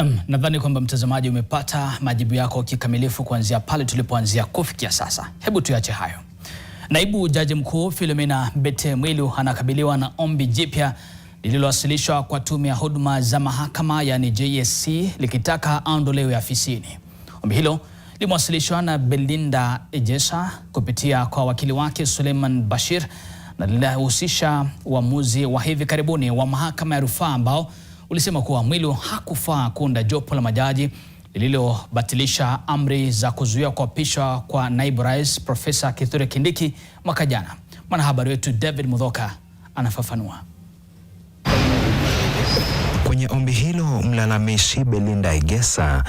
Naam, nadhani kwamba mtazamaji umepata majibu yako kikamilifu kuanzia pale tulipoanzia kufikia sasa. Hebu tuache hayo. Naibu Jaji Mkuu Philomena mwilu anakabiliwa na ombi jipya lililowasilishwa kwa Tume ya Huduma za Mahakama yani JSC likitaka aondolewe afisini. Ombi hilo limewasilishwa na Belinda Ejesa kupitia kwa wakili wake Suleiman Bashir na linahusisha uamuzi wa hivi karibuni wa Mahakama ya Rufaa ambao ulisema kuwa Mwilu hakufaa kuunda jopo la majaji lililobatilisha amri za kuzuia kuapishwa kwa naibu rais Profesa Kithure Kindiki mwaka jana. Mwanahabari wetu David Mudhoka anafafanua. Kwenye ombi hilo mlalamishi Belinda Egesa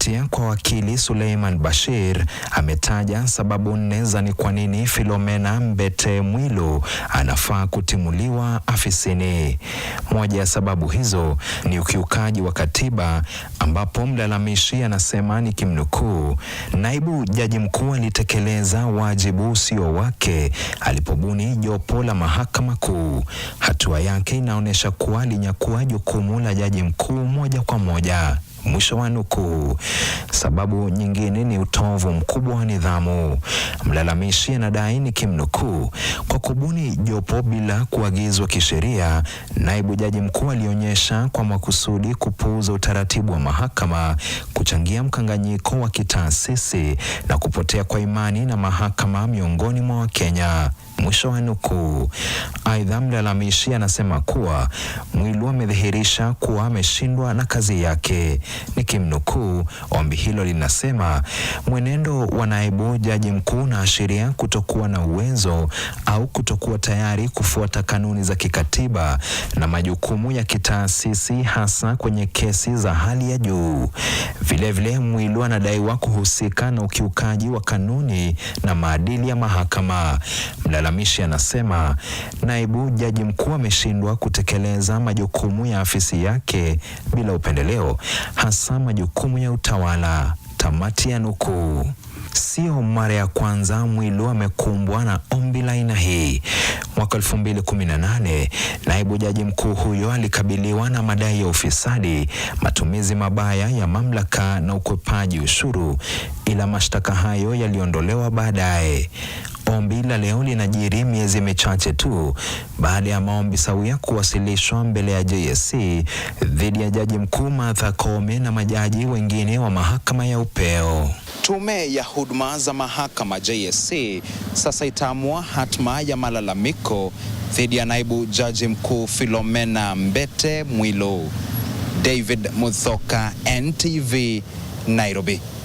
Kupitia kwa wakili Suleiman Bashir ametaja sababu nne za ni kwa nini Philomena Mbete Mwilu anafaa kutimuliwa afisini. Moja ya sababu hizo ni ukiukaji wa katiba, ambapo mlalamishi anasema ni kimnukuu, naibu jaji mkuu alitekeleza wajibu usio wake alipobuni jopo la mahakama kuu. Hatua yake inaonyesha kuwa alinyakua jukumu la jaji mkuu moja kwa moja. Mwisho wa nukuu. Sababu nyingine ni utovu mkubwa wa nidhamu. Mlalamishi anadai ni kimnukuu, kwa kubuni jopo bila kuagizwa kisheria, naibu jaji mkuu alionyesha kwa makusudi kupuuza utaratibu wa mahakama, kuchangia mkanganyiko wa kitaasisi na kupotea kwa imani na mahakama miongoni mwa Wakenya. Mwisho wa nukuu. Aidha, mlalamishi anasema kuwa Mwilu amedhihirisha kuwa ameshindwa na kazi yake. Nikimnukuu, ombi hilo linasema mwenendo wa naibu jaji mkuu unaashiria kutokuwa na uwezo au kutokuwa tayari kufuata kanuni za kikatiba na majukumu ya kitaasisi hasa kwenye kesi za hali ya juu. Vilevile, Mwilu anadaiwa kuhusika na ukiukaji wa kanuni na maadili ya mahakama. Mlalamishi anasema naibu jaji mkuu ameshindwa kutekeleza majukumu ya afisi yake bila upendeleo, hasa majukumu ya utawala. Tamati ya nukuu. Sio mara ya kwanza Mwilu amekumbwa na ombi la aina hii mwaka 2018, naibu jaji mkuu huyo alikabiliwa na madai ya ufisadi, matumizi mabaya ya mamlaka na ukwepaji ushuru, ila mashtaka hayo yaliondolewa baadaye. Ombi la leo linajiri miezi michache tu baada ya maombi sawia kuwasilishwa mbele ya JSC dhidi ya jaji mkuu Martha Koome na majaji wengine wa mahakama ya upeo. Tume ya Huduma za Mahakama JSC sasa itaamua hatma ya malalamiko dhidi ya naibu jaji mkuu Philomena Mbete Mwilu. David Muthoka, NTV, Nairobi.